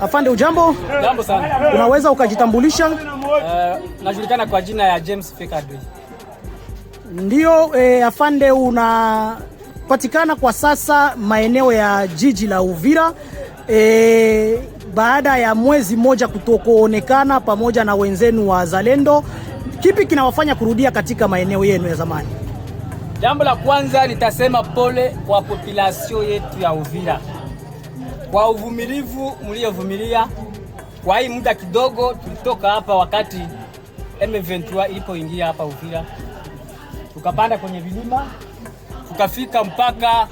Afande, ujambo? Jambo sana. Unaweza ukajitambulisha? Uh, najulikana kwa jina ya James Fikadui. Ndio, eh, afande unapatikana kwa sasa maeneo ya jiji la Uvira. Eh, baada ya mwezi mmoja kutokuonekana pamoja na wenzenu wa Zalendo, kipi kinawafanya kurudia katika maeneo yenu ya zamani? Jambo la kwanza nitasema pole kwa population yetu ya Uvira kwa uvumilivu mliovumilia kwa hii muda kidogo. Tulitoka hapa wakati M23 ilipoingia hapa Uvira, tukapanda kwenye vilima tukafika mpaka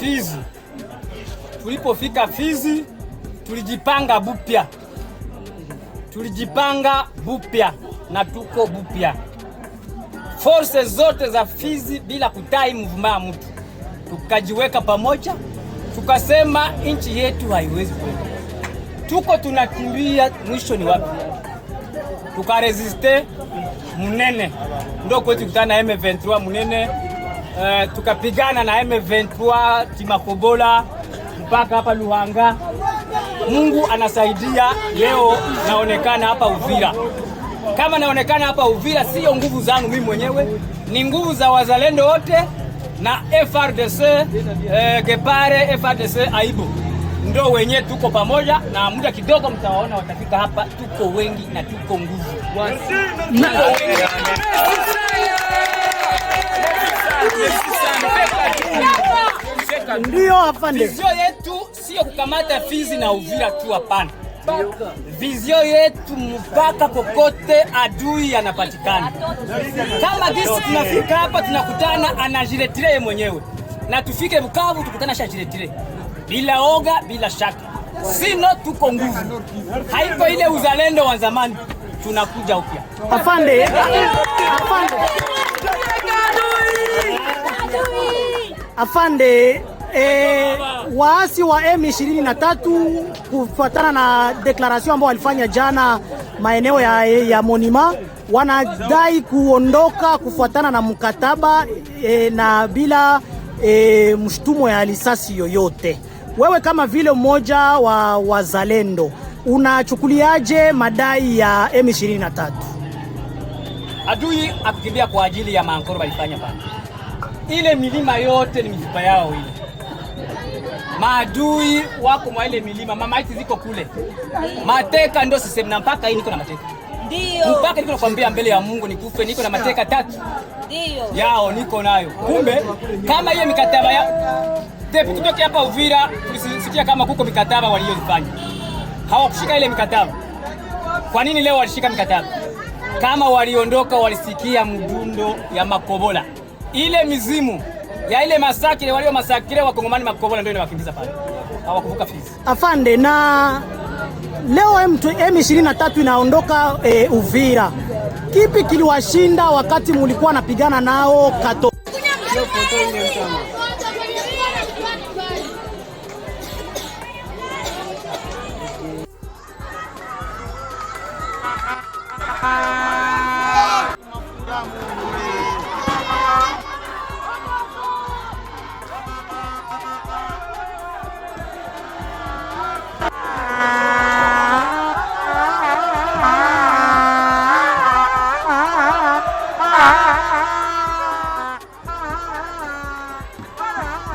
Fizi. Tulipofika Fizi, tulijipanga bupya, tulijipanga bupya na tuko bupya. forse zote za Fizi bila kutai mvumaa mtu, tukajiweka pamoja tukasema nchi yetu haiwezi kwenda, tuko tunakimbia, mwisho ni wapi? Tukaresiste Munene, ndo kwetu kutana na M23 Munene. Uh, tukapigana na M23 Timakobola mpaka hapa Luhanga. Mungu anasaidia, leo naonekana hapa Uvira. Kama naonekana hapa Uvira, siyo nguvu zangu mimi mwenyewe, ni nguvu za wazalendo wote na FRDC eh, Gepare FRDC aibu ndio wenye tuko pamoja, na muda kidogo mtawaona watafika hapa. Tuko wengi na tuko nguvu. Ndio, hapana, sio yetu, sio kukamata Fizi na Uvira tu, hapana vizio yetu mpaka kokote adui anapatikana. Kama gisi tunafika hapa tunakutana anajiretire yeye mwenyewe, na tufike Bukavu tukutana shajiretire bila oga, bila shaka, sino tuko nguvu, haiko ile uzalendo wa zamani, tunakuja upya. Afande, afande, afande. E, waasi wa M23 kufuatana na deklarasyon ambao walifanya jana maeneo ya, ya Monima wanadai kuondoka kufuatana na mkataba e, na bila e, mshtumo ya risasi yoyote. Wewe kama vile mmoja wa wazalendo unachukuliaje madai ya M23? Adui akikimbia kwa ajili ya mankoro walifanya pa ile milima yote ni mifupa yao ile Maadui wako mwa ile milima, mamaiti ziko kule, mateka ndio sisemu, na mpaka hii niko na mateka ndio mpaka niko nakwambia, mbele ya Mungu nikufe, niko na mateka tatu ndio yao niko nayo. Kumbe kama hiyo mikataba ya tepu kutoka hapa Uvira, tulisikia kama kuko mikataba waliyofanya, hawakushika ile mikataba. Kwa nini leo walishika mikataba? Kama waliondoka walisikia mdundo ya makobola ile mizimu ya ile masakile walio masakile kongomani makobola ndio inawakimbiza pale, hawakuvuka Fizi. Afande, na leo M23 inaondoka e, Uvira, kipi kiliwashinda wakati mulikuwa napigana nao kato